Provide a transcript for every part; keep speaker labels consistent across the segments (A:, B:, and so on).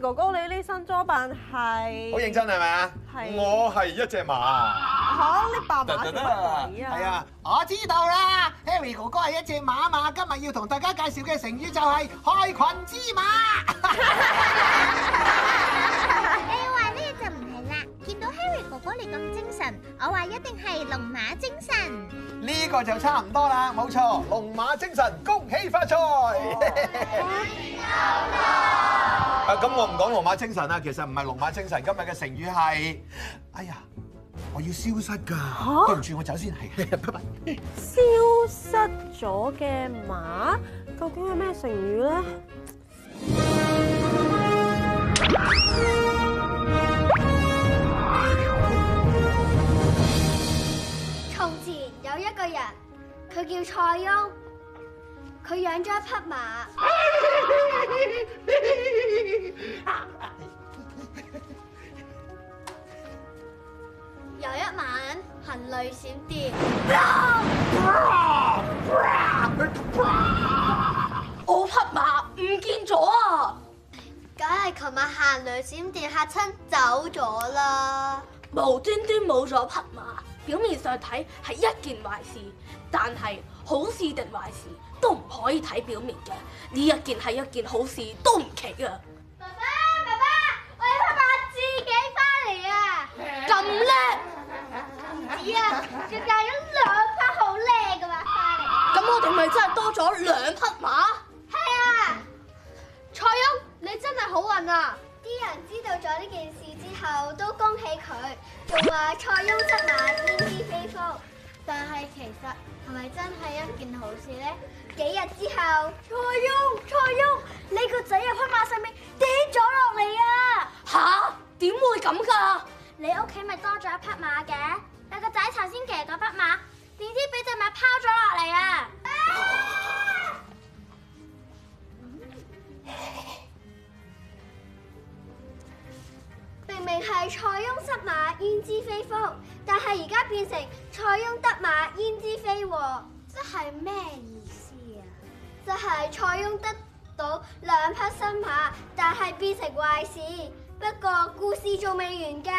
A: 哥哥，你呢身裝扮係？好認真係咪啊？我係一隻馬。好，你爸爸。都啊！係啊，
B: 我知道啦，Harry 哥哥係一隻馬啊嘛，今日要同大家介紹嘅成語就係害群之馬 你。你話呢就唔係啦，見到 Harry 哥哥，哥你咁精神，我話一定係龍馬精神、
A: 嗯。呢、呢個就差唔多啦，冇錯，龍馬精神，
B: 恭喜發財。咁我唔講龍
A: 馬精神啊，其實唔係龍馬精神。今日嘅成語係，哎呀，我要消失㗎，啊、對唔住，我先走先係。拜拜。消失咗嘅馬，究竟係咩成語咧？
B: 從前有一個人，佢叫塞翁。佢養咗一匹馬。 有一晚，行雷閃電，我匹馬唔見咗啊！梗係琴日行雷閃電嚇親
A: 走咗啦！無端端冇咗匹馬。表面上睇，係一件壞事，但係好事定壞事都唔可以睇表面嘅。呢一件係一件好事都唔奇啊！爸
B: 爸，爸爸，我要匹馬自己翻嚟啊！咁叻。唔止啊，佢帶咗兩匹好叻嘅馬翻嚟。咁我哋咪真係多咗兩匹馬？係啊，塞翁，你真係好運啊！啲人知道咗呢件事。我都恭喜佢，仲話塞翁失馬焉知非福，但係其實係咪真係一件好事呢？幾日之後，塞翁，塞翁，你個仔喺匹馬上面跌咗落嚟啊！吓、啊，點會咁噶、啊？你屋企咪多咗一匹馬嘅？你個仔頭先騎嗰匹馬，點知俾隻馬拋咗落嚟啊？啊 係塞翁失馬焉知非福，但係而家變成塞翁得馬焉知非禍，即係咩意思啊？即係塞翁得到兩匹新馬，但係變成壞事。不過故事仲未完噶。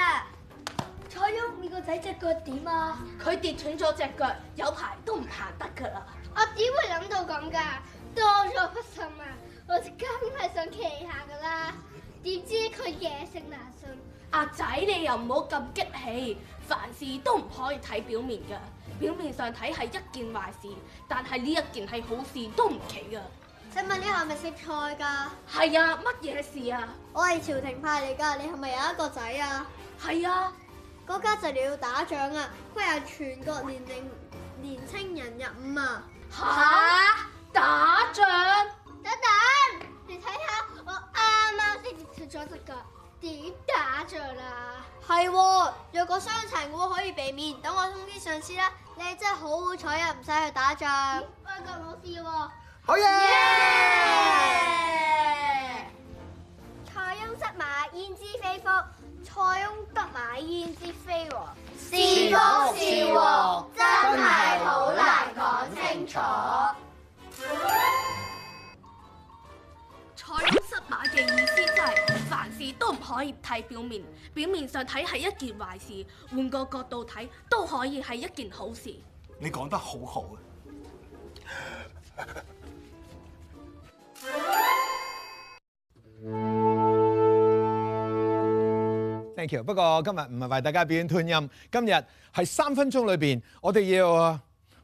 B: 塞翁，你個仔隻腳點啊？佢、嗯、跌斷咗隻腳，有排都唔行得噶啦。我點會諗到咁噶？多咗匹新馬，我梗係想騎下噶啦。點知佢野性難馴。
A: 阿仔，你又唔好咁激氣，凡事都唔可以睇表面噶。表面上睇係一件壞事，但係呢一件係好事都唔奇噶。請問你係
B: 咪識菜噶？係啊，乜
A: 嘢事啊？
B: 我係朝廷派嚟噶，你係咪有一個仔啊？係啊。國家就要打仗啊，今日全國年齡年青人入伍啊。
A: 吓哈，
B: 打仗？係喎，若果傷殘嘅可以避免，等我通知上司啦。你哋真係好好彩啊，唔使去打仗。不過冇事喎。好嘢！塞翁失馬，焉知非福；塞翁得馬，焉知非禍。是福是禍，真係好難講清楚。
A: 可以睇表面，表面上睇係一件壞事，換個角度睇都可以係一件好事。你講得好好啊 ！Thank you。不過今日唔係為大家表演斷音，今日係三分鐘裏邊，我哋要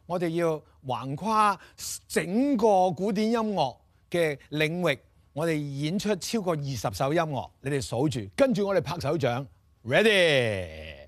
A: 我哋要橫跨整個古典音樂嘅領域。我哋演出超過二十首音樂，你哋數住，跟住我哋拍手掌，ready。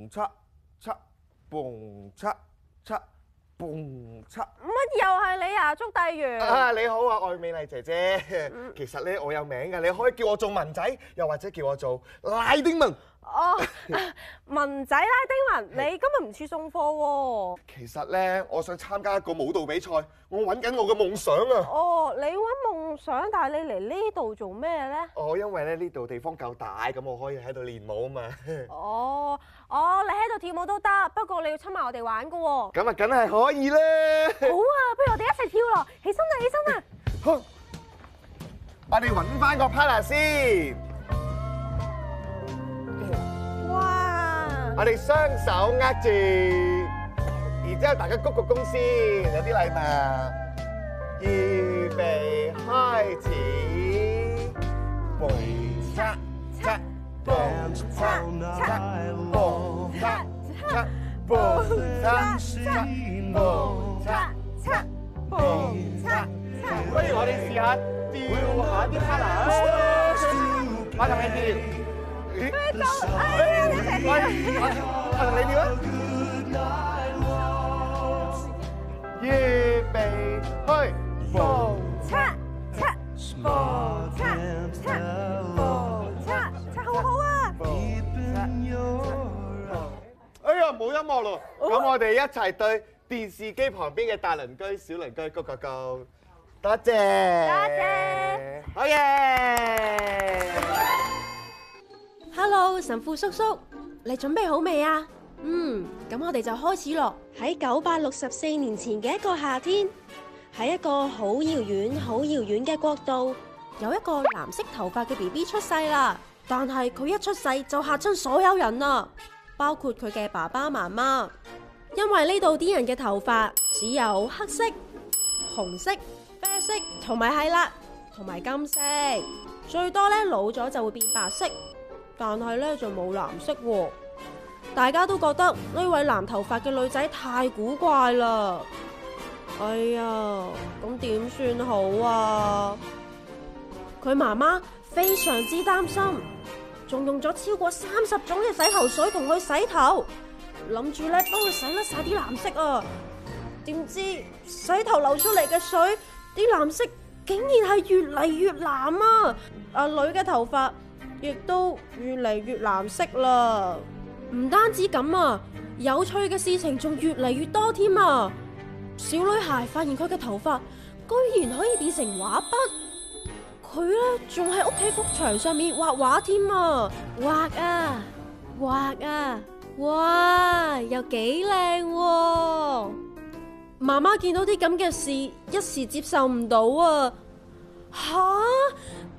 A: 蹦七七蹦七七蹦七，乜又係你呀祝大羊？帝源啊，你好啊，愛美麗姐姐， 其實咧，我有名噶，你可以叫我做文仔，又或者叫我做拉丁文。哦。 Oh. 文仔拉丁文，是你今日唔似送貨喎。其實咧，我想參加一個舞蹈比賽，我搵緊我嘅夢想啊。哦，你搵夢想，但係你嚟呢度做咩咧？哦，因為咧呢度地方夠大，咁我可以喺度練舞啊嘛。哦，哦，你喺度跳舞都得，不過你要侵埋我哋玩噶。咁啊，梗係可以啦。好啊，不如我哋一齊跳咯！起身啦，起身啦！我哋搵翻個 partner 先。我哋雙手握住，然之後大家鞠個躬先，有啲禮物，預備開始：步恰恰步恰恰步恰
B: 恰
A: 步恰恰步恰恰蹦恰不如我哋試，試下跳下啲花式啦，馬上開始。唔係咁，哎呀你，快
B: 快，快快啲七、七、變，七，Cha
A: Cha Cha
B: Cha 好好啊！
A: 哎呀，冇音樂咯，咁我哋一齊對電視機旁邊嘅大鄰居、小鄰居，鞠個躬，多謝，多謝，好嘢！hello，神父叔叔，你準備好未啊？嗯，咁我哋就開始咯。喺九百六十四年前嘅一個夏天，喺一個好遙遠、好遙遠嘅國度，有一個藍色頭髮嘅 BB 出世啦。但係佢一出世就吓親所有人啦，包括佢嘅爸爸媽媽，因為呢度啲人嘅頭髮只有黑色、紅色、啡色同埋係啦，同埋金色，最多咧老咗就會變白色。但係咧就冇藍色喎，大家都覺得呢位藍頭髮嘅女仔太古怪啦。哎呀，咁點算好啊？佢媽媽非常之擔心，仲用咗超過三十種嘅洗頭水同佢洗頭，諗住咧幫佢洗甩晒啲藍色啊。點知洗頭流出嚟嘅水，啲藍色竟然係越嚟越藍啊！阿女嘅頭髮。亦都越嚟越難色藍色啦，唔單止咁啊，有趣嘅事情仲越嚟越多添啊！小女孩發現佢嘅頭髮居然可以變成畫筆，佢咧仲喺屋企幅牆上面畫畫添啊，畫啊，畫啊，哇，又幾靚喎！媽媽見到啲咁嘅事，一時接受唔到啊，吓！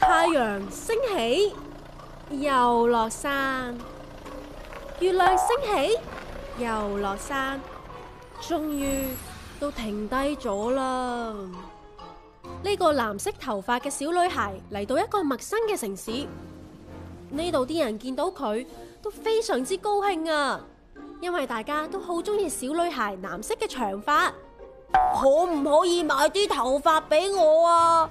A: 太陽升起又落山，月亮升起又落山，終於都停低咗啦。呢個藍色頭髮嘅小女孩嚟到一個陌生嘅城市，呢度啲人見到佢都非常之高興啊，因為大家都好中意小女孩藍色嘅長髮。可唔可以買啲頭髮俾我啊？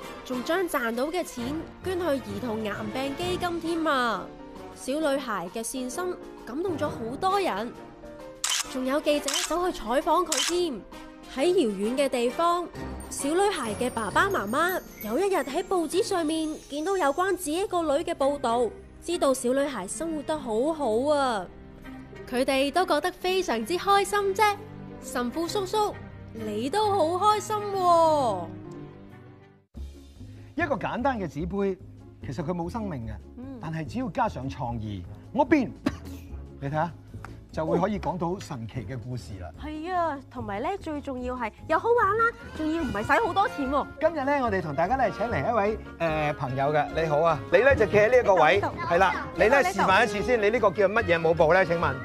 A: 仲將賺到嘅錢捐去兒童癌病基金添啊！小女孩嘅善心感動咗好多人，仲有記者走去採訪佢添。喺遙遠嘅地方，小女孩嘅爸爸媽媽有一日喺報紙上面見到有關自己個女嘅報道，知道小女孩生活得好好啊，佢哋都覺得非常之開心啫。神父叔叔，你都好開心。一個簡單嘅紙杯，其實佢冇生命嘅， 但係只要加上創意，我變，你睇下，就會可以講到神奇嘅故事啦。係啊，同埋咧最重要係又好玩啦，仲要唔係使好多錢。今日咧，我哋同大家咧請嚟一位誒、呃、朋友嘅，你好啊，你咧就企喺呢一個位，係啦，你咧示範一次先，你呢個叫乜嘢舞步咧？請問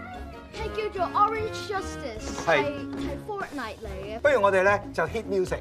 B: 係叫做 Orange Justice，係係是 Fortnite 嚟嘅。
A: 不如我哋咧就 Hit Music。